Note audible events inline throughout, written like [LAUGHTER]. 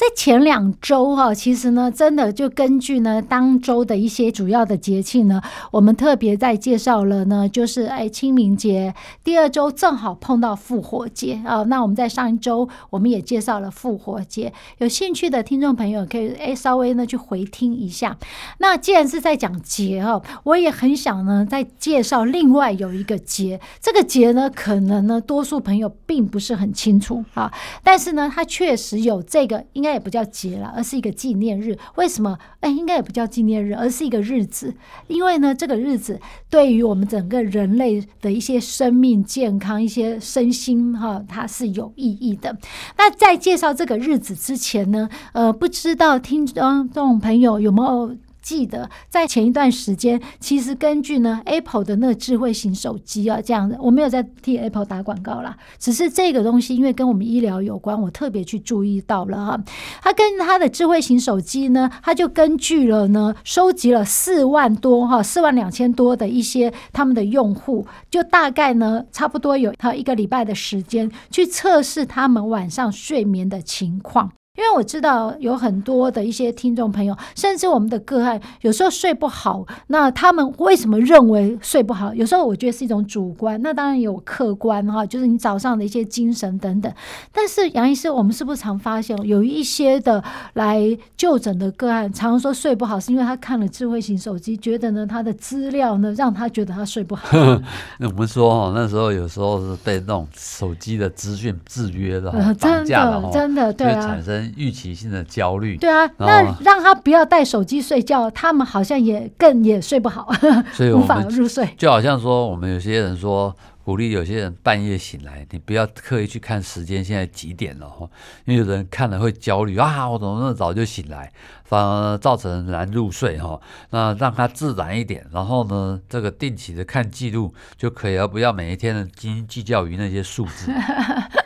在前兩周啊，其實呢，真的就根據呢當周的一些主要的節慶呢，我們特別在介紹了呢，就是哎清明節，第二周正好碰到復活節啊。那我們在上一周我們也介紹了復活節，有興趣的聽眾朋友可以哎稍微呢去回聽一下。那既然是在講節哈，啊，我也很想呢再介紹另外有一個節，這個節呢可能呢多數朋友並不是很清楚啊，但是呢它確實有這個應該。那也不叫節了，而是一個紀念日。為什麼？哎，應該也不叫紀念日，而是一個日子。因為呢，這個日子對於我們整個人類的一些生命健康、一些身心哈，它是有意義的。那在介紹這個日子之前呢，呃，不知道聽眾、哦、朋友有沒有？記得在前一段時間，其實根據呢，Apple 的那個智慧型手機啊，這樣子，我沒有在替 Apple 打廣告啦，只是這個東西，因為跟我們醫療有關，我特別去注意到了哈。它跟它的智慧型手機呢，它就根據了呢，收集了四萬多哈，四萬兩千多的一些他們的用戶，就大概呢，差不多有它一個禮拜的時間去測試他們晚上睡眠的情況。因為我知道有很多的一些聽眾朋友，甚至我們的個案有時候睡不好，那他們為什麼認為睡不好？有時候我覺得是一種主觀，那當然有客觀哈，就是你早上的一些精神等等。但是楊醫師，我們是不是常發現有一些的來就診的個案，常，常說睡不好是因為他看了智慧型手機，覺得呢他的資料呢讓他覺得他睡不好。呵呵那我們說哈、哦，那時候有時候是被那種手機的資訊制約的、哦嗯。真的，綁架的、哦、真的對啊，產生。預期性的焦慮，對啊，那讓他不要帶手機睡覺，他們好像也更也睡不好，所以無法入睡。就好像說，我們有些人說，鼓勵有些人半夜醒來，你不要刻意去看時間現在幾點了哈，因為有人看了會焦慮啊，我怎麼那麼早就醒來，反而造成難入睡哈。那讓他自然一點，然後呢，這個定期的看記錄就可以了，而不要每一天的斤斤計較於那些數字。 [LAUGHS]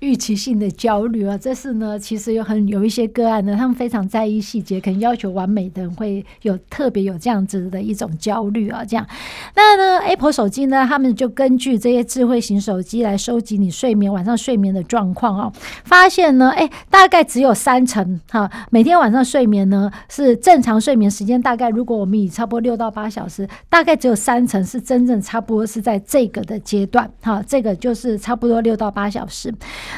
預期性的焦慮啊，這是呢，其實有很有一些個案呢，他們非常在意細節，可能要求完美的人會有特別有這樣子的一種焦慮啊，這樣。那呢，Apple 手機呢，他們就根據這些智慧型手機來收集你睡眠晚上睡眠的狀況哦、啊。發現呢，誒、哎，大概只有三成哈、啊，每天晚上睡眠呢是正常睡眠時間，大概如果我們以差不多六到八小時，大概只有三成是真正差不多是在這個的階段哈、啊，這個就是差不多六到八小時。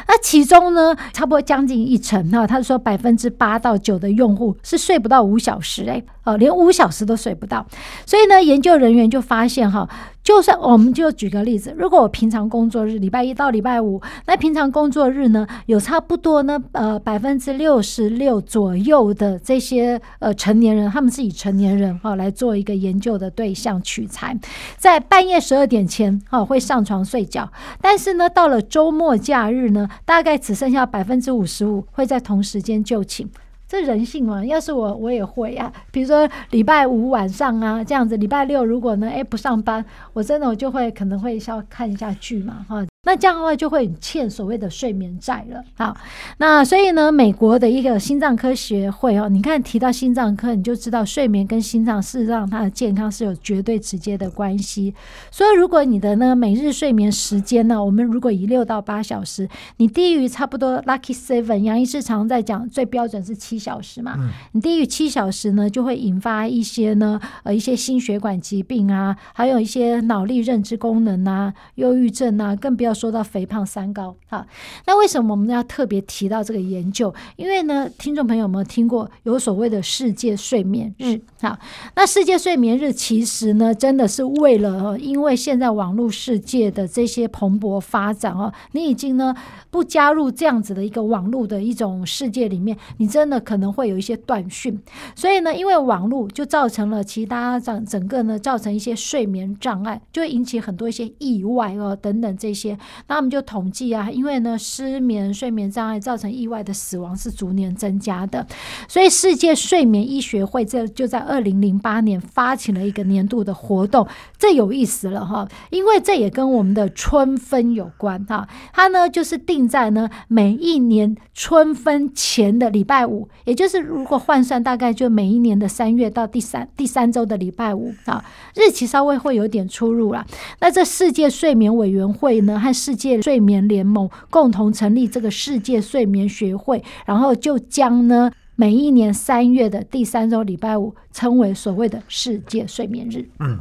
那其中呢，差不多將近一成，哈，他說百分之八到九的用戶是睡不到五小時，哎，哦，連五小時都睡不到，所以呢，研究人員就發現，哈。就算我們就舉個例子，如果我平常工作日，禮拜一到禮拜五，那平常工作日呢，有差不多呢，呃，百分之六十六左右的這些呃成年人，他們是以成年人哈，來做一個研究的對象取材，在半夜十二點前哈，會上床睡覺，但是呢，到了週末假日呢，大概只剩下百分之五十五會在同時間就寢。這人性嘛，要是我，我也會呀、啊。比如說禮拜五晚上啊，這樣子，禮拜六如果呢，哎不上班，我真的我就會可能會稍微看一下劇嘛，哈。那這樣的話就會欠所謂的睡眠債了。好，那所以呢，美國的一個心臟科學會哦，你看提到心臟科，你就知道睡眠跟心臟是讓它的健康是有絕對直接的關係。所以如果你的呢每日睡眠時間呢，我們如果以六到八小時，你低於差不多 lucky seven，楊醫師常在講最標準是七小時嘛，你低於七小時呢，就會引發一些呢呃一些心血管疾病啊，還有一些腦力認知功能啊、憂鬱症啊，更不要。說到肥胖三高哈，那為什麼我們要特別提到這個研究？因為呢，聽眾朋友們有有聽過有所謂的世界睡眠日哈、嗯。那世界睡眠日其實呢，真的是為了，因為現在網絡世界的這些蓬勃發展哦，你已經呢不加入這樣子的一個網絡的一種世界裡面，你真的可能會有一些斷訊。所以呢，因為網絡就造成了其他整整個呢，造成一些睡眠障礙，就會引起很多一些意外哦等等這些。那我們就統計啊，因為呢，失眠、睡眠障礙造成意外的死亡是逐年增加的，所以世界睡眠醫學會這就在二零零八年發起了一個年度的活動，這有意思了哈，因為這也跟我們的春分有關哈，它呢就是定在呢每一年春分前的禮拜五，也就是如果換算大概就每一年的三月到第三第三週的禮拜五啊，日期稍微會有點出入了。那這世界睡眠委員會呢世界睡眠聯盟共同成立這個世界睡眠學會，然後就將呢每一年三月的第三周禮拜五稱為所謂的世界睡眠日。嗯，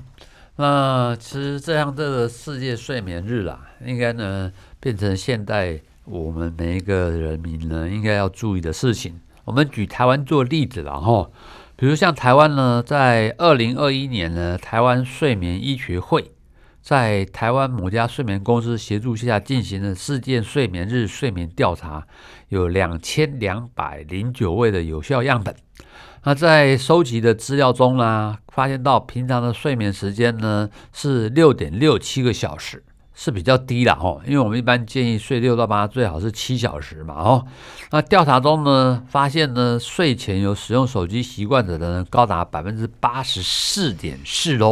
那其實這樣這個世界睡眠日啦、啊，應該呢變成現代我們每一個人民呢應該要注意的事情。我們舉台灣做例子了哈，比如像台灣呢，在二零二一年呢，台灣睡眠醫學會。在台灣某家睡眠公司協助下進行的世界睡眠日睡眠調查，有兩千兩百零九位的有效樣本。那在收集的資料中呢，發現到平常的睡眠時間呢是六點六七個小時，是比較低的哦。因為我們一般建議睡六到八，最好是七小時嘛哦。那調查中呢，發現呢睡前有使用手機習慣者的呢高達百分之八十四點四嘍。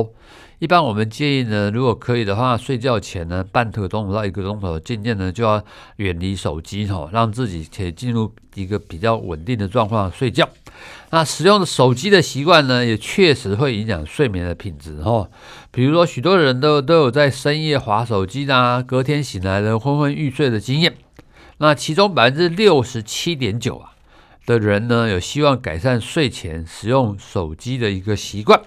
一般我們建議呢，如果可以的話，睡覺前呢，半刻鐘到一個鐘頭，漸漸呢就要遠離手機哈、哦，讓自己可以進入一個比較穩定的狀況睡覺。那使用的手機的習慣呢，也確實會影響睡眠的品質哈、哦。比如說，許多人都都有在深夜滑手機、啊、隔天醒來昏昏欲睡的經驗。那其中百分之六十七點九啊的人呢，有希望改善睡前使用手機的一個習慣。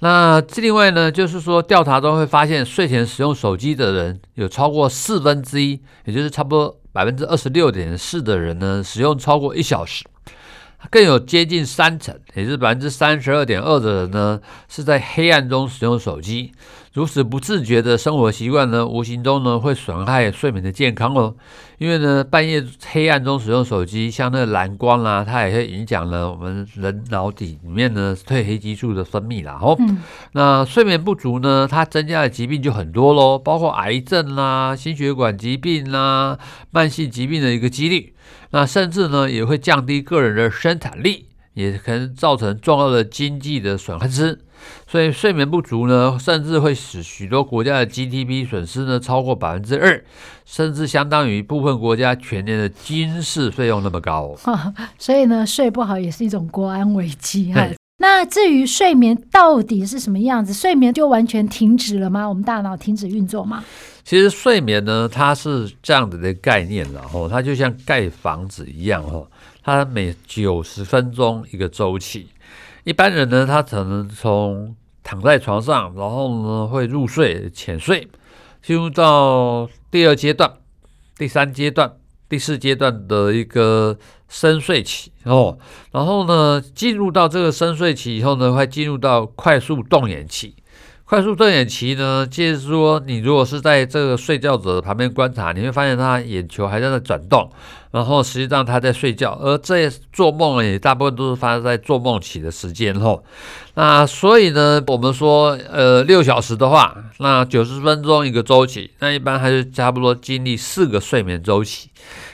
那另外呢，就是說，調查中會發現，睡前使用手機的人有超過四分之一，也就是差不多百分之二十六點四的人呢，使用超過一小時。更有接近三成，也就是百分之三十二點二的人呢，是在黑暗中使用手機。如此不自覺的生活習慣呢，無形中呢會損害睡眠的健康哦。因為呢，半夜黑暗中使用手機，像那個藍光啦、啊，它也會影響了我們人腦底裡面呢褪黑激素的分泌啦。哦、嗯，那睡眠不足呢，它增加的疾病就很多嘍，包括癌症啦、啊、心血管疾病啦、啊、慢性疾病的一個幾率。那甚至呢也會降低個人的生產力，也可能造成重要的經濟的損失。所以睡眠不足呢，甚至會使許多國家的 GDP 損失呢超過百分之二，甚至相當於部分國家全年的軍事費用那麼高。啊，所以呢，睡不好也是一種國安危機哈。那至於睡眠到底是什麼樣子？睡眠就完全停止了嗎？我們大腦停止運作嗎？其實睡眠呢，它是這樣的一個概念，然後哦，它就像蓋房子一樣哈哦，它每九十分鐘一個週期。一般人呢，他可能從躺在床上，然後呢會入睡淺睡，進入到第二階段、第三階段、第四階段的一個深睡期哦，然後呢進入到這個深睡期以後呢，會進入到快速動眼期。快速動眼期呢，就是說，你如果是在這個睡覺者旁邊觀察，你會發現他眼球還在那轉動，然後實際上他在睡覺，而這做夢也大部分都是發生在做夢期的時間後。那所以呢，我們說，呃，六小時的話，那九十分鐘一個周期，那一般還是差不多經歷四個睡眠周期。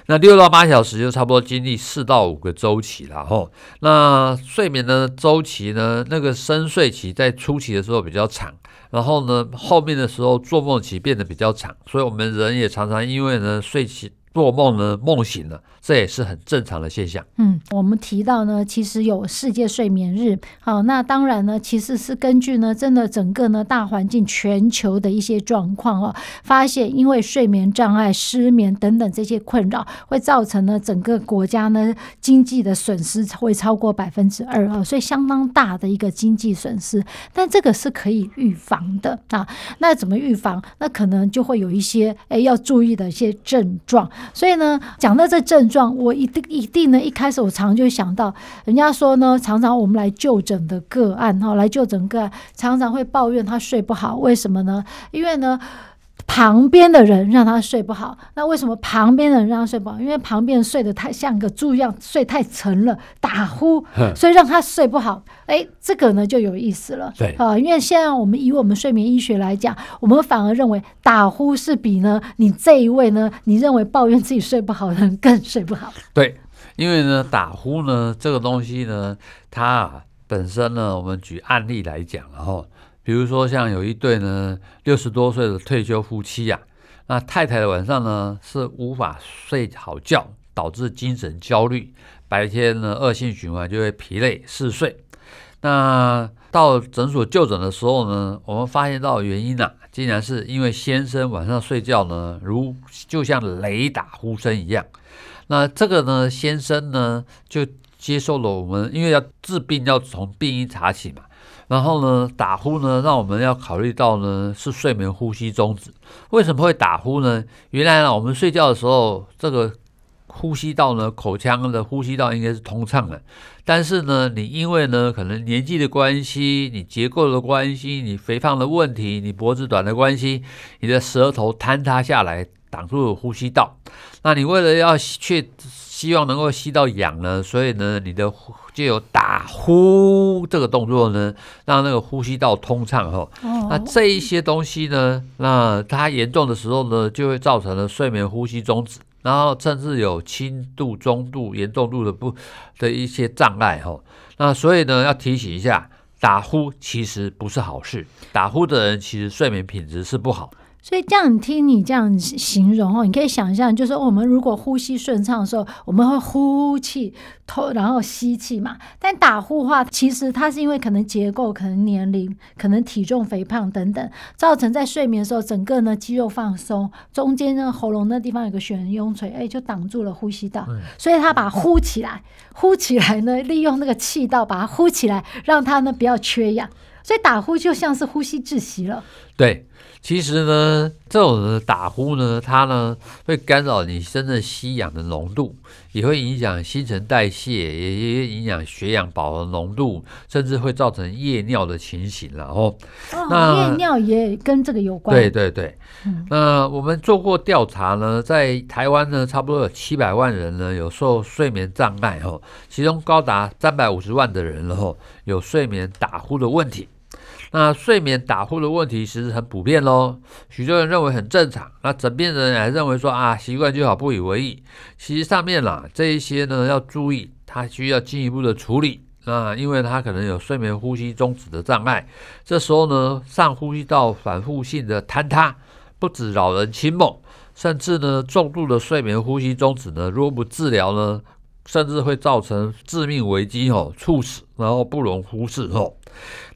那六到八小時就差不多經歷四到五個週期了吼，那睡眠的週期呢，那個深睡期在初期的時候比較長，然後呢後面的時候做夢期變得比較長，所以我們人也常常因為呢睡期。做夢呢，夢醒了，這也是很正常的現象。嗯，我們提到呢，其實有世界睡眠日。好，那當然呢，其實是根據呢，真的整個呢大環境全球的一些狀況啊，發現因為睡眠障礙、失眠等等這些困擾，會造成呢整個國家呢經濟的損失會超過百分之二啊，所以相當大的一個經濟損失。但這個是可以預防的啊。那怎麼預防？那可能就會有一些誒、欸、要注意的一些症狀。所以呢，講到這症狀，我一定一定呢，一開始我常就想到，人家說呢，常常我們來就診的個案，哈，來就診個案，常常會抱怨他睡不好，為什麼呢？因為呢。旁邊的人讓他睡不好，那為什麼旁邊的人讓他睡不好？因為旁邊睡得太像個豬一樣，睡太沉了，打呼，所以讓他睡不好。哎、欸，這個呢就有意思了，對啊，因為現在我們以我們睡眠醫學來講，我們反而認為打呼是比呢你這一位呢，你認為抱怨自己睡不好的人更睡不好。對，因為呢打呼呢這個東西呢，它本身呢，我們舉案例來講然後……比如說，像有一對呢六十多歲的退休夫妻呀、啊，那太太的晚上呢是無法睡好覺，導致精神焦慮，白天呢惡性循環就會疲累嗜睡。那到診所就診的時候呢，我們發現到的原因啊，竟然是因為先生晚上睡覺呢，如就像雷打呼聲一樣。那這個呢，先生呢就接受了我們，因為要治病要從病因查起嘛。然後呢，打呼呢，那我們要考慮到呢，是睡眠呼吸中止。為什麼會打呼呢？原來呢，我們睡覺的時候，這個呼吸道呢，口腔的呼吸道應該是通暢的。但是呢，你因為呢，可能年紀的關係，你結構的關係，你肥胖的問題，你脖子短的關係，你的舌頭坍塌下來，擋住了呼吸道。那你為了要去希望能夠吸到氧呢，所以呢，你的。就有打呼這個動作呢，讓那個呼吸道通暢哈。Oh. 那這一些東西呢，那它嚴重的時候呢，就會造成了睡眠呼吸中止，然後甚至有輕度、中度、嚴重度的不的一些障礙哈。那所以呢，要提醒一下，打呼其實不是好事，打呼的人其實睡眠品質是不好。所以這樣，聽你這樣形容哦，你可以想象，就是說我們如果呼吸順暢的時候，我們會呼氣、吐、然後吸氣嘛。但打呼的話，其實它是因為可能結構、可能年齡、可能體重肥胖等等，造成在睡眠的時候，整個呢肌肉放鬆，中間呢喉嚨那地方有個懸雍垂，哎、欸，就擋住了呼吸道，所以它把呼起來，呼起來呢，利用那個氣道把它呼起來，讓它呢不要缺氧。所以打呼就像是呼吸窒息了。對。其實呢，這種的打呼呢，它呢會干擾你真的吸氧的濃度，也會影響新陳代謝，也也影響血氧飽和濃度，甚至會造成夜尿的情形，然後哦。那夜尿也跟這個有關。對對對。嗯、那我們做過調查呢，在台灣呢，差不多有七百萬人呢有受睡眠障礙哦，其中高達三百五十萬的人吼，、哦，有睡眠打呼的問題。那、啊、睡眠打呼的問題其實很普遍咯，許多人認為很正常，那枕邊人還認為說啊，習慣就好，不以為意。其實上面啦這一些呢要注意，它需要進一步的處理。啊，因為它可能有睡眠呼吸中止的障礙，這時候呢，上呼吸道反復性的坍塌，不止擾人清夢，甚至呢重度的睡眠呼吸中止呢，如果不治療呢，甚至會造成致命危機哦，猝死，然後不容忽視哦。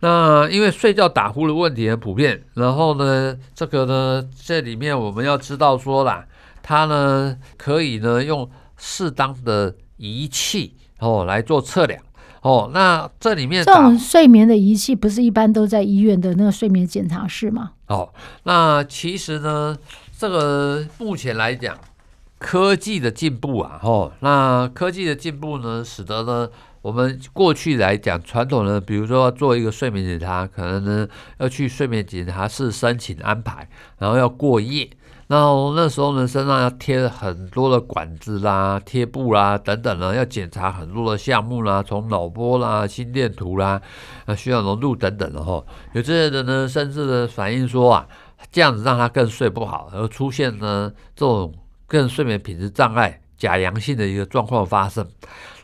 那因為睡覺打呼的問題很普遍，然後呢，這個呢，這裡面我們要知道說啦，它呢可以呢用適當的儀器哦來做測量哦。那這裡面這種睡眠的儀器不是一般都在醫院的那個睡眠檢查室嗎？哦，那其實呢，這個目前來講，科技的進步啊，哦，那科技的進步呢，使得呢。我們過去來講傳統的，比如說要做一個睡眠檢查，可能呢要去睡眠檢查室申請安排，然後要過夜，然後那時候呢身上要貼很多的管子啦、貼布啦等等啦，要檢查很多的項目啦，從腦波啦、心電圖啦、啊需要濃度等等的，然後有這些人呢甚至呢反映說啊這樣子讓他更睡不好，而出現呢這種更睡眠品質障礙。假陽性的一個狀況發生。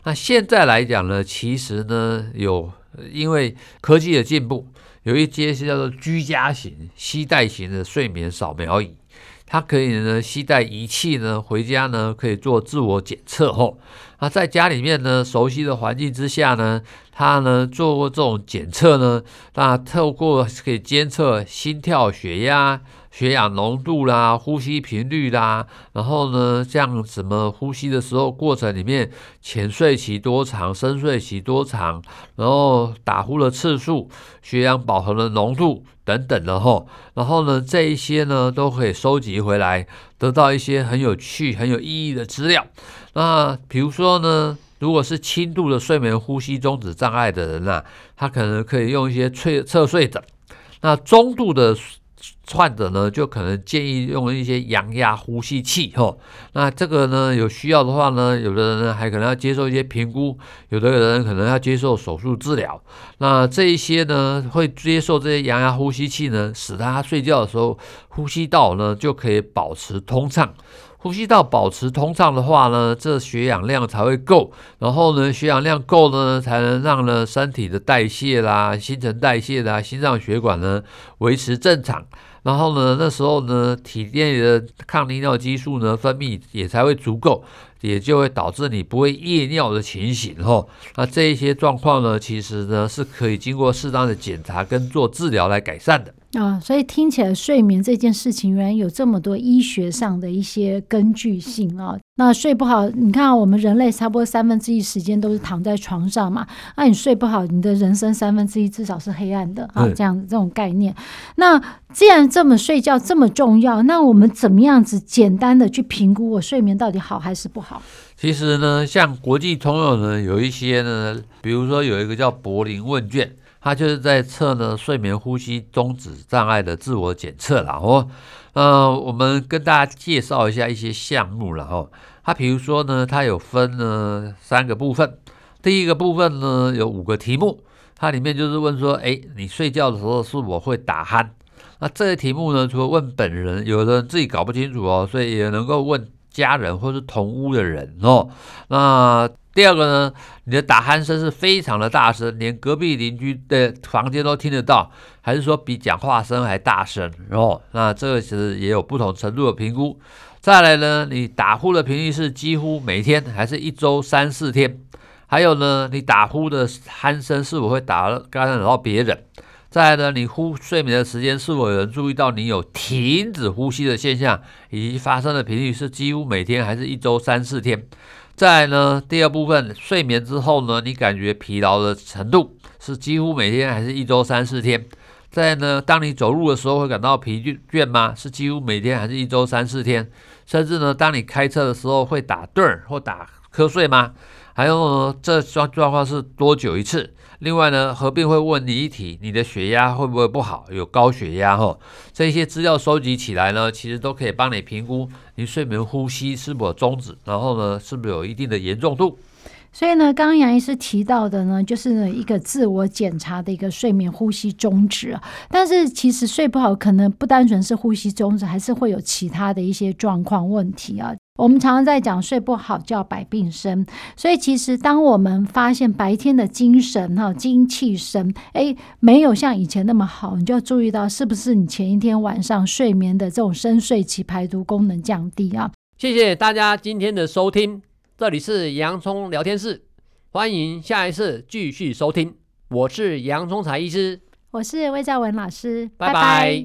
那現在來講呢，其實呢，有因為科技的進步，有一些是叫做居家型、攜帶型的睡眠掃描儀，它可以呢，攜帶儀器呢，回家呢可以做自我檢測吼。那在家裡面呢，熟悉的環境之下呢，它呢做過這種檢測呢，那透過可以監測心跳血壓、血壓。血氧濃度啦，呼吸頻率啦，然後呢，像什麼呼吸的時候過程裡面，淺睡期多長，深睡期多長，然後打呼的次數，血氧飽和的濃度等等的吼，然後呢，這一些呢都可以收集回來，得到一些很有趣、很有意義的資料。那比如說呢，如果是輕度的睡眠呼吸中止障礙的人呢、啊，他可能可以用一些側側睡的那中度的。患者呢，就可能建議用一些陽壓呼吸器，吼。那這個呢，有需要的話呢，有的人還可能要接受一些評估，有的人可能要接受手術治療。那這一些呢，會接受這些陽壓呼吸器呢，使他睡覺的時候呼吸道呢就可以保持通暢。呼吸道保持通暢的話呢，這血氧量才會夠，然後呢，血氧量夠了呢，才能讓呢身體的代謝啦、新陳代謝啦，心臟血管呢維持正常，然後呢，那時候呢，體內的抗利尿激素呢分泌也才會足夠，也就會導致你不會夜尿的情形哈、哦。那這一些狀況呢，其實呢是可以經過適當的檢查跟做治療來改善的。啊、哦，所以聽起來睡眠這件事情，原來有這麼多醫學上的一些根據性啊、哦。那睡不好，你看，哦、我們人類差不多三分之一時間都是躺在床上嘛。那，啊、你睡不好，你的人生三分之一至少是黑暗的啊、哦。這樣子這種概念。嗯、那既然這麼睡覺這麼重要，那我們怎麼樣子簡單的去評估我、哦、睡眠到底好還是不好？其實呢，像國際通用的有一些呢，比如說有一個叫柏林問卷。他就是在測呢，睡眠呼吸中止障礙的自我檢測了哦。呃，我們跟大家介紹一下一些項目了哦。它比如說呢，它有分呢三個部分。第一個部分呢有五個題目，它裡面就是問說，哎，你睡覺的時候是否會打鼾？那這些題目呢，除了問本人，有的人自己搞不清楚哦，所以也能夠問。家人或是同屋的人哦，那第二個呢？你的打鼾聲是非常的大聲，連隔壁鄰居的房間都聽得到，還是說比講話聲還大聲？哦，那這個其實也有不同程度的評估。再來呢，你打呼的頻率是幾乎每天，還是一周三四天？還有呢，你打呼的鼾聲是否會打干擾到別人？再呢，你呼睡眠的時間是否有人注意到你有停止呼吸的現象，以及發生的頻率是幾乎每天還是一周三四天？再呢，第二部分，睡眠之後呢，你感覺疲勞的程度是幾乎每天還是一周三四天？再呢，當你走路的時候會感到疲倦嗎？是幾乎每天還是一周三四天？甚至呢，當你開車的時候會打盹或打瞌睡嗎？還有呢，這狀狀況是多久一次？另外呢，合併會問你一題：你的血壓會不會不好，有高血壓？吼，這些資料收集起來呢，其實都可以幫你評估你睡眠呼吸是否中止，然後呢，是不是有一定的嚴重度？所以呢，剛剛楊醫師提到的呢，就是呢一個自我檢查的一個睡眠呼吸中止啊。但是其實睡不好，可能不單純是呼吸中止，還是會有其他的一些狀況問題啊。我們常常在講睡不好叫百病生，所以其實當我們發現白天的精神哈精氣神哎沒有像以前那麼好，你就要注意到是不是你前一天晚上睡眠的這種深睡期排毒功能降低啊？謝謝大家今天的收聽，這裡是洋蔥聊天室，歡迎下一次繼續收聽，我是楊聰財醫師，我是魏兆玟老師，拜拜。拜拜